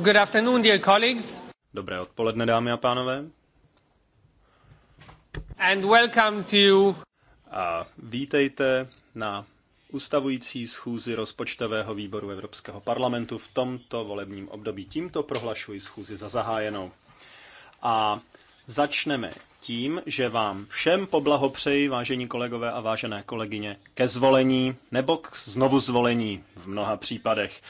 Good afternoon, dear colleagues. Dobré odpoledne, dámy a pánové. And welcome to... A vítejte na ustavující schůzi rozpočtového výboru Evropského parlamentu v tomto volebním období. Tímto prohlašuji schůzi za zahájenou. A začneme tím, že vám všem poblahopřeji, vážení kolegové a vážené kolegyně, ke zvolení nebo k znovu zvolení v mnoha případech.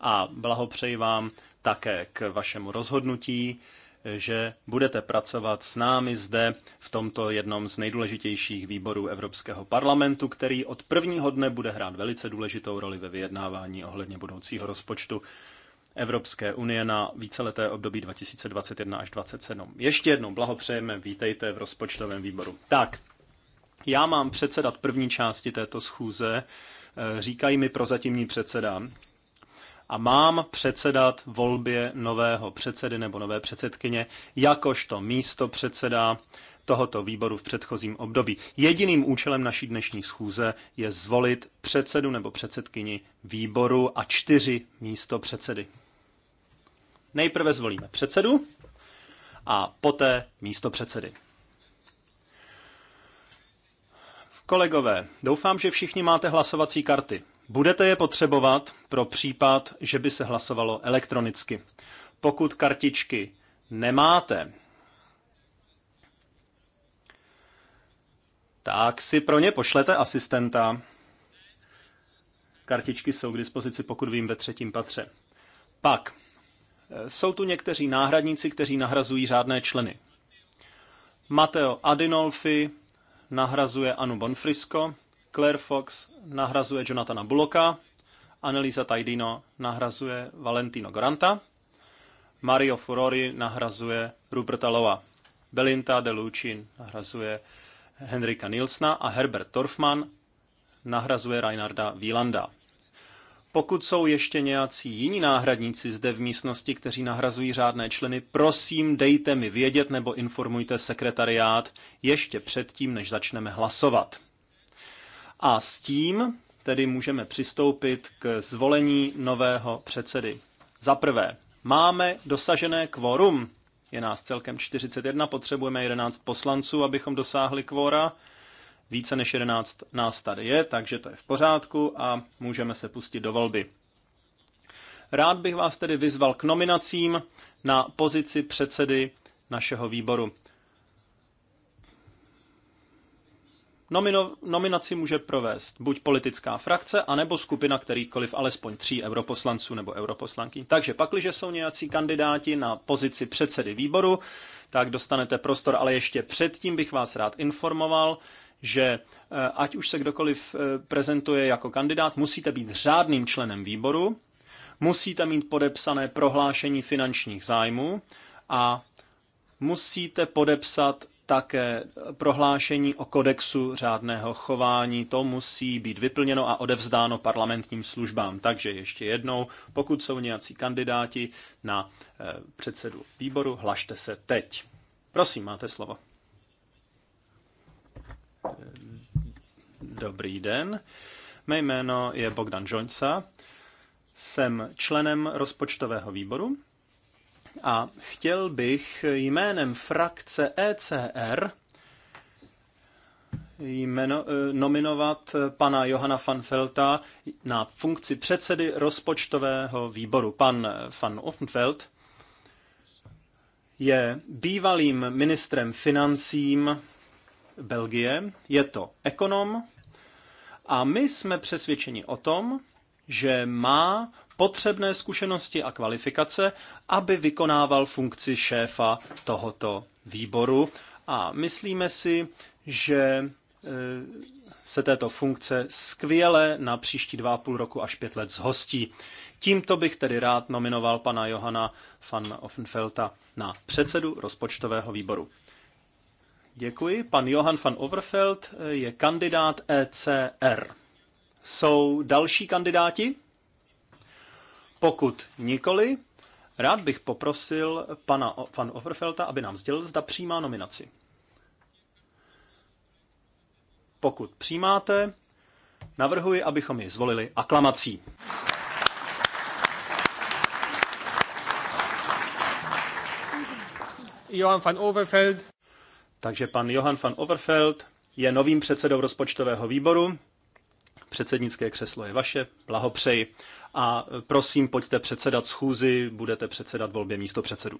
A blahopřeji vám také k vašemu rozhodnutí, že budete pracovat s námi zde v tomto jednom z nejdůležitějších výborů Evropského parlamentu, který od prvního dne bude hrát velice důležitou roli ve vyjednávání ohledně budoucího rozpočtu Evropské unie na víceleté období 2021 až 2027. Ještě jednou blahopřejeme, vítejte v rozpočtovém výboru. Tak, já mám předsedat první části této schůze, eh, říkají mi prozatímní předseda, a mám předsedat volbě nového předsedy nebo nové předsedkyně jakožto místo předseda tohoto výboru v předchozím období. Jediným účelem naší dnešní schůze je zvolit předsedu nebo předsedkyni výboru a čtyři místo předsedy. Nejprve zvolíme předsedu a poté místo předsedy. Kolegové, doufám, že všichni máte hlasovací karty. Budete je potřebovat pro případ, že by se hlasovalo elektronicky. Pokud kartičky nemáte, tak si pro ně pošlete asistenta. Kartičky jsou k dispozici, pokud vím, ve třetím patře. Pak eh, jsou tu někteří náhradníci, kteří nahrazují řádné členy. Mateo Adinolfi nahrazuje Anu Bonfrisco, Claire Fox nahrazuje Jonathana Bullocka, Annelisa Tajdino nahrazuje Valentino Granta, Mario Furori nahrazuje Ruperta Loa, Belinta de Lucin nahrazuje Henrika Nilsna a Herbert Torfman nahrazuje Reinarda Wielanda. Pokud jsou ještě nějací jiní náhradníci zde v místnosti, kteří nahrazují řádné členy, prosím dejte mi vědět nebo informujte sekretariát ještě předtím, než začneme hlasovat. A s tím tedy můžeme přistoupit k zvolení nového předsedy. Za prvé, máme dosažené kvorum. Je nás celkem 41, potřebujeme 11 poslanců, abychom dosáhli kvora. Více než 11 nás tady je, takže to je v pořádku a můžeme se pustit do volby. Rád bych vás tedy vyzval k nominacím na pozici předsedy našeho výboru. Nomino- nominaci může provést buď politická frakce, anebo skupina kterýchkoliv alespoň tří europoslanců nebo europoslanky. Takže pakliže jsou nějací kandidáti na pozici předsedy výboru, tak dostanete prostor, ale ještě předtím bych vás rád informoval, že eh, ať už se kdokoliv eh, prezentuje jako kandidát, musíte být řádným členem výboru, musíte mít podepsané prohlášení finančních zájmů a musíte podepsat také prohlášení o kodexu řádného chování. To musí být vyplněno a odevzdáno parlamentním službám. Takže ještě jednou, pokud jsou nějací kandidáti na eh, předsedu výboru, hlašte se teď. Prosím, máte slovo. Dobrý den. Mé jméno je Bogdan Žoňca. Jsem členem rozpočtového výboru a chtěl bych jménem frakce ECR jmeno, eh, nominovat pana Johana van Velta na funkci předsedy rozpočtového výboru. Pan eh, van Offenfeld je bývalým ministrem financím Belgie, je to ekonom a my jsme přesvědčeni o tom, že má potřebné zkušenosti a kvalifikace, aby vykonával funkci šéfa tohoto výboru. A myslíme si, že e, se této funkce skvěle na příští dva půl roku až pět let zhostí. Tímto bych tedy rád nominoval pana Johana van Offenfelta na předsedu rozpočtového výboru. Děkuji. Pan Johan van Overfeld e, je kandidát ECR. Jsou další kandidáti? Pokud nikoli, rád bych poprosil pana van Overfelta, aby nám sdělil, zda přijímá nominaci. Pokud přijímáte, navrhuji, abychom ji zvolili aklamací. Johan van Overfeld. Takže pan Johan van Overfeld je novým předsedou rozpočtového výboru. Předsednické křeslo je vaše, blahopřeji. A prosím, pojďte předsedat schůzi, budete předsedat volbě místo předsedů.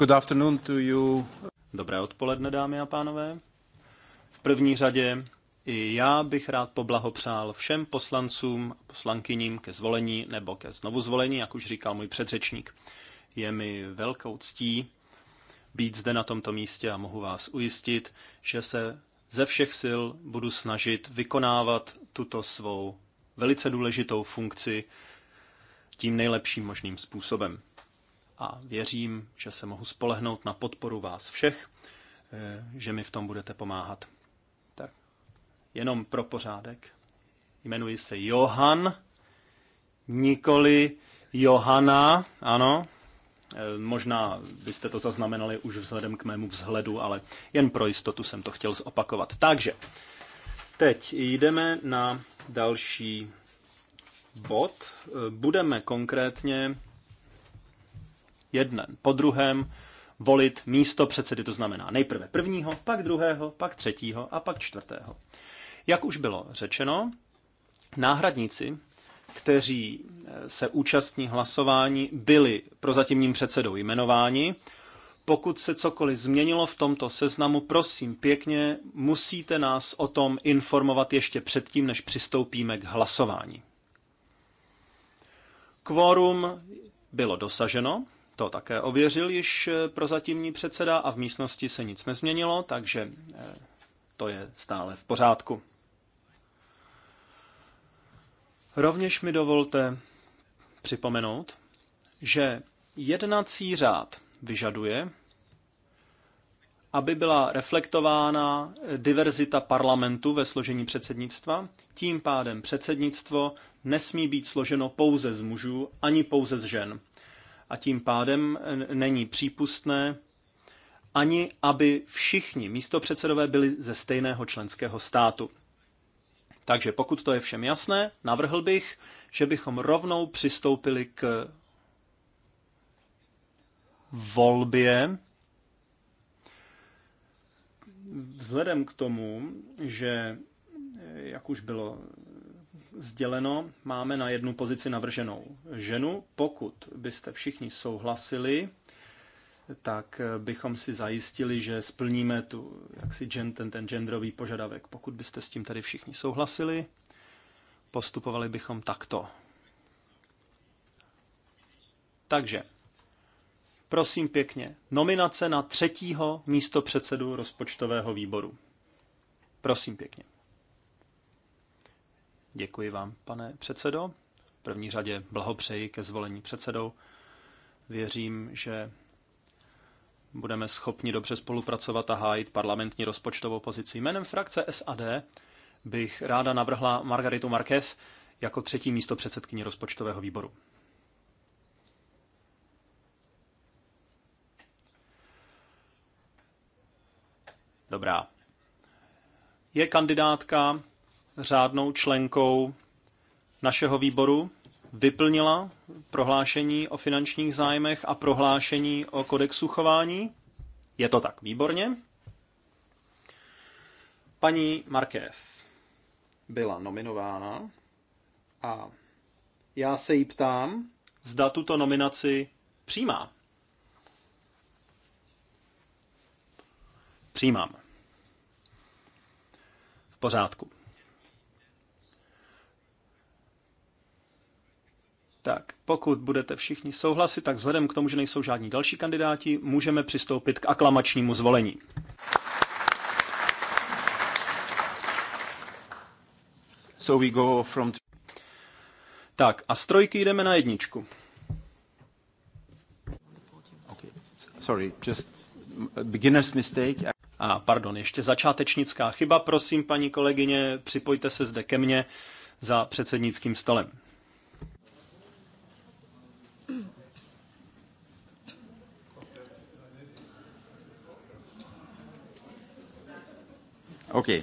Good afternoon to you. Dobré odpoledne, dámy a pánové. V první řadě i já bych rád poblahopřál všem poslancům a poslankyním ke zvolení nebo ke znovuzvolení, jak už říkal můj předřečník. Je mi velkou ctí být zde na tomto místě a mohu vás ujistit, že se ze všech sil budu snažit vykonávat tuto svou velice důležitou funkci tím nejlepším možným způsobem a věřím, že se mohu spolehnout na podporu vás všech, eh, že mi v tom budete pomáhat. Tak, jenom pro pořádek. Jmenuji se Johan, nikoli Johana, ano. Eh, možná byste to zaznamenali už vzhledem k mému vzhledu, ale jen pro jistotu jsem to chtěl zopakovat. Takže, teď jdeme na další bod. Eh, budeme konkrétně jeden po druhém volit místo předsedy, to znamená nejprve prvního, pak druhého, pak třetího a pak čtvrtého. Jak už bylo řečeno, náhradníci, kteří eh, se účastní hlasování, byli prozatímním předsedou jmenováni. Pokud se cokoliv změnilo v tomto seznamu, prosím pěkně, musíte nás o tom informovat ještě předtím, než přistoupíme k hlasování. Kvórum bylo dosaženo, to také ověřil již eh, prozatímní předseda a v místnosti se nic nezměnilo, takže eh, to je stále v pořádku. Rovněž mi dovolte připomenout, že jednací řád vyžaduje, aby byla reflektována eh, diverzita parlamentu ve složení předsednictva. Tím pádem předsednictvo nesmí být složeno pouze z mužů ani pouze z žen a tím pádem není přípustné ani aby všichni místopředsedové byli ze stejného členského státu. Takže pokud to je všem jasné, navrhl bych, že bychom rovnou přistoupili k volbě. Vzhledem k tomu, že, jak už bylo sděleno, máme na jednu pozici navrženou ženu. Pokud byste všichni souhlasili, tak bychom si zajistili, že splníme tu, jaksi gen, ten, ten genderový požadavek. Pokud byste s tím tady všichni souhlasili, postupovali bychom takto. Takže, prosím pěkně, nominace na třetího místo předsedu rozpočtového výboru. Prosím pěkně. Děkuji vám, pane předsedo. V první řadě blahopřeji ke zvolení předsedou. Věřím, že budeme schopni dobře spolupracovat a hájit parlamentní rozpočtovou pozici. Jménem frakce SAD bych ráda navrhla Margaritu Marquez jako třetí místo předsedkyni rozpočtového výboru. Dobrá. Je kandidátka řádnou členkou našeho výboru, vyplnila prohlášení o finančních zájmech a prohlášení o kodexu chování. Je to tak, výborně. Paní Marquez byla nominována a já se jí ptám, zda tuto nominaci přijímá. Přijímám. V pořádku. Tak, pokud budete všichni souhlasit, tak vzhledem k tomu, že nejsou žádní další kandidáti, můžeme přistoupit k aklamačnímu zvolení. So we go from... Tak, a z trojky jdeme na jedničku. Okay. Sorry, just beginner's mistake. A pardon, ještě začátečnická chyba. Prosím, paní kolegyně, připojte se zde ke mně za předsednickým stolem. Okay.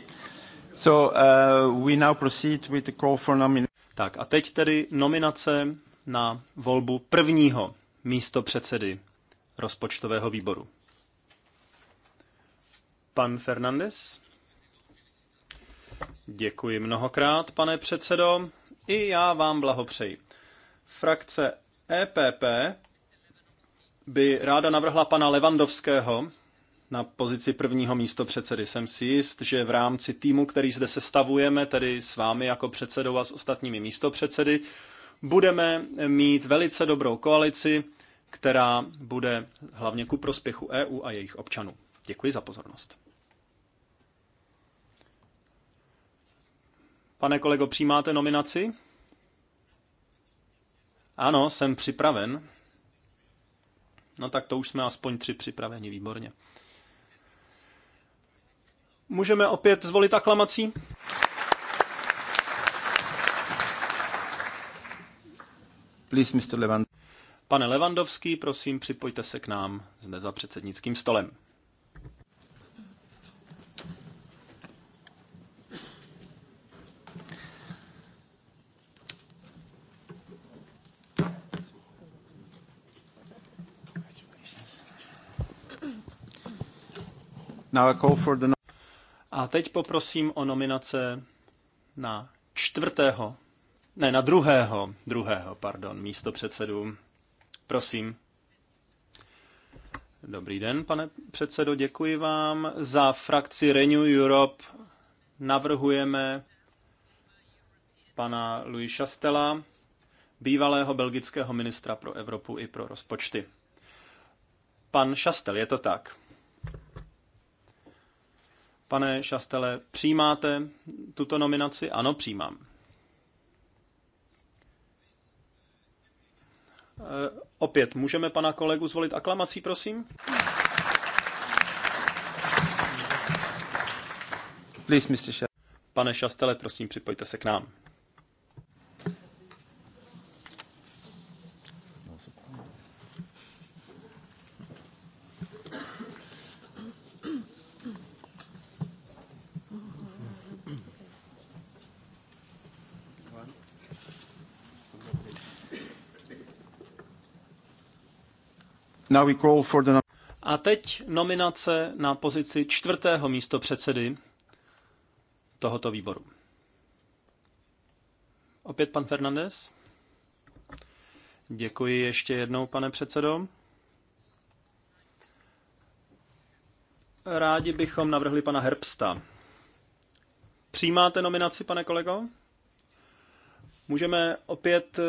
So, uh, we now proceed with the call for nomination. tak a teď tedy nominace na volbu prvního místo předsedy rozpočtového výboru. Pan Fernandez. Děkuji mnohokrát, pane předsedo. I já vám blahopřeji. Frakce EPP by ráda navrhla pana Levandovského na pozici prvního místo předsedy. Jsem si jist, že v rámci týmu, který zde sestavujeme, tedy s vámi jako předsedou a s ostatními místopředsedy, budeme mít velice dobrou koalici, která bude hlavně ku prospěchu EU a jejich občanů. Děkuji za pozornost. Pane kolego, přijímáte nominaci? Ano, jsem připraven. No tak to už jsme aspoň tři připraveni, výborně. Můžeme opět zvolit aklamací? Please, Mr. Levand. Pane Levandovský, prosím, připojte se k nám zde za předsednickým stolem. Now I call for the a teď poprosím o nominace na čtvrtého, ne, na druhého, druhého, pardon, místo předsedu. Prosím. Dobrý den, pane předsedo, děkuji vám. Za frakci Renew Europe navrhujeme pana Louis Chastela, bývalého belgického ministra pro Evropu i pro rozpočty. Pan Chastel, je to tak? Pane Šastele, přijímáte tuto nominaci? Ano, přijímám. Eh, opět, můžeme pana kolegu zvolit aklamací, prosím? Please, Mr. Pane Šastele, prosím, připojte se k nám. Now we call for the... A teď nominace na pozici čtvrtého místo předsedy tohoto výboru. Opět pan Fernandez. Děkuji ještě jednou, pane předsedo. Rádi bychom navrhli pana Herbsta. Přijímáte nominaci, pane kolego? Můžeme opět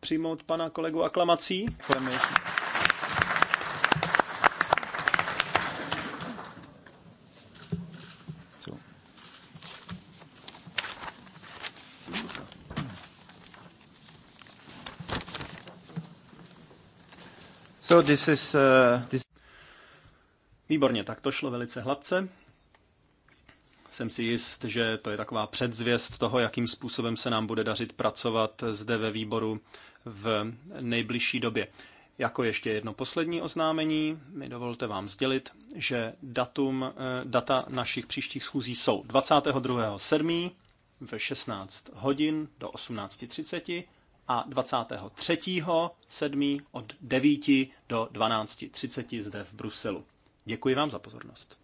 přijmout pana kolegu aklamací? Děkujeme. So this is, uh, this... Výborně, tak to šlo velice hladce. Jsem si jist, že to je taková předzvěst toho, jakým způsobem se nám bude dařit pracovat zde ve výboru v nejbližší době. Jako ještě jedno poslední oznámení, mi dovolte vám sdělit, že datum, eh, data našich příštích schůzí jsou 22.7. ve 16 hodin do 18.30 a 23. 7. od 9 do 12.30 zde v Bruselu. Děkuji vám za pozornost.